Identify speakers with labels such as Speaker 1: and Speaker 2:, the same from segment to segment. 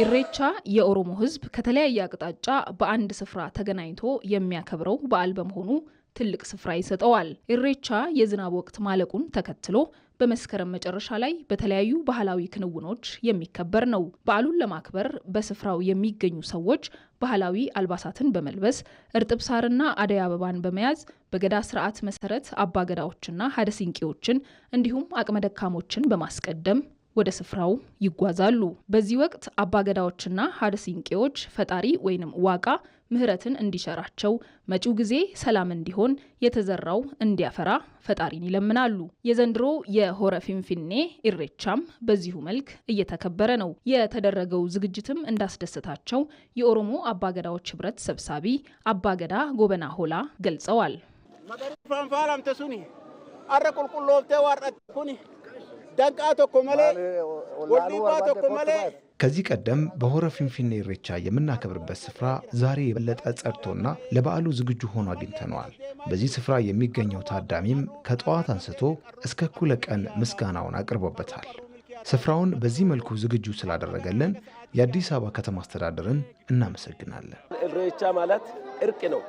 Speaker 1: ኢሬቻ የኦሮሞ ሕዝብ ከተለያየ አቅጣጫ በአንድ ስፍራ ተገናኝቶ የሚያከብረው በዓል በመሆኑ ትልቅ ስፍራ ይሰጠዋል። ኢሬቻ የዝናብ ወቅት ማለቁን ተከትሎ በመስከረም መጨረሻ ላይ በተለያዩ ባህላዊ ክንውኖች የሚከበር ነው። በዓሉን ለማክበር በስፍራው የሚገኙ ሰዎች ባህላዊ አልባሳትን በመልበስ እርጥብ ሳርና አደይ አበባን በመያዝ በገዳ ስርዓት መሰረት አባገዳዎችና ሀደሲንቄዎችን እንዲሁም አቅመ ደካሞችን በማስቀደም ወደ ስፍራው ይጓዛሉ። በዚህ ወቅት አባገዳዎችና ሀደ ሲንቄዎች ፈጣሪ ወይንም ዋቃ ምሕረትን እንዲሸራቸው መጪው ጊዜ ሰላም እንዲሆን የተዘራው እንዲያፈራ ፈጣሪን ይለምናሉ። የዘንድሮ የሆረ ፊንፊኔ ኢሬቻም በዚሁ መልክ እየተከበረ ነው። የተደረገው ዝግጅትም እንዳስደሰታቸው የኦሮሞ አባገዳዎች ህብረት ሰብሳቢ አባገዳ ጎበና ሆላ ገልጸዋል።
Speaker 2: ከዚህ ቀደም በሆረ ፊንፊኔ ኢሬቻ የምናከብርበት ስፍራ ዛሬ የበለጠ ጸድቶና ለበዓሉ ዝግጁ ሆኖ አግኝተነዋል። በዚህ ስፍራ የሚገኘው ታዳሚም ከጠዋት አንስቶ እስከ እኩለ ቀን ምስጋናውን አቅርቦበታል። ስፍራውን በዚህ መልኩ ዝግጁ ስላደረገልን የአዲስ አበባ ከተማ አስተዳደርን እናመሰግናለን።
Speaker 3: ኢሬቻ ማለት እርቅ ነው።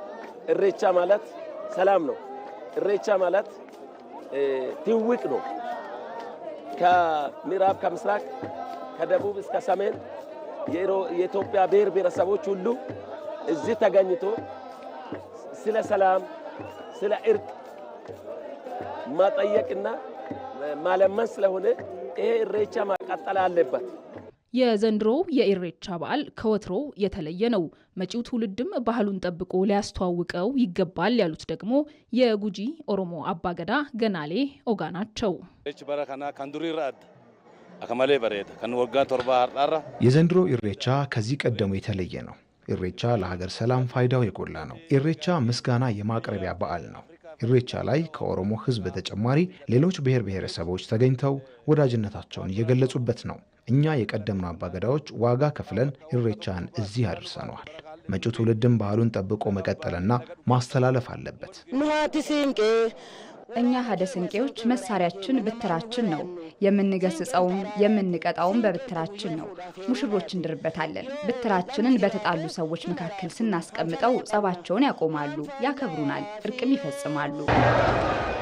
Speaker 3: ኢሬቻ ማለት ሰላም ነው። ኢሬቻ ማለት ትውቅ ነው። ከምዕራብ ከምስራቅ፣ ከደቡብ እስከ ሰሜን የኢትዮጵያ ብሔር ብሔረሰቦች ሁሉ እዚህ ተገኝቶ ስለ ሰላም፣ ስለ እርቅ ማጠየቅና ማለመን ስለሆነ ይሄ እሬቻ ማቃጠል አለበት።
Speaker 1: የዘንድሮው የኢሬቻ በዓል ከወትሮ የተለየ ነው። መጪው ትውልድም ባህሉን ጠብቆ ሊያስተዋውቀው ይገባል ያሉት ደግሞ የጉጂ ኦሮሞ አባገዳ ገናሌ ኦጋ ናቸው።
Speaker 2: የዘንድሮ ኢሬቻ ከዚህ ቀደሙ የተለየ ነው። ኢሬቻ ለሀገር ሰላም ፋይዳው የጎላ ነው። ኢሬቻ ምስጋና የማቅረቢያ በዓል ነው። ኢሬቻ ላይ ከኦሮሞ ሕዝብ በተጨማሪ ሌሎች ብሔር ብሔረሰቦች ተገኝተው ወዳጅነታቸውን እየገለጹበት ነው። እኛ የቀደምነው አባገዳዎች ዋጋ ከፍለን ኢሬቻን እዚህ አድርሰነዋል። መጪው ትውልድም ባህሉን ጠብቆ መቀጠልና ማስተላለፍ አለበት።
Speaker 4: እኛ ሀደ ስንቄዎች መሳሪያችን ብትራችን ነው። የምንገስጸውም የምንቀጣውም በብትራችን ነው። ሙሽሮች እንድርበታለን። ብትራችንን በተጣሉ ሰዎች መካከል ስናስቀምጠው ጸባቸውን ያቆማሉ፣ ያከብሩናል፣ እርቅም ይፈጽማሉ።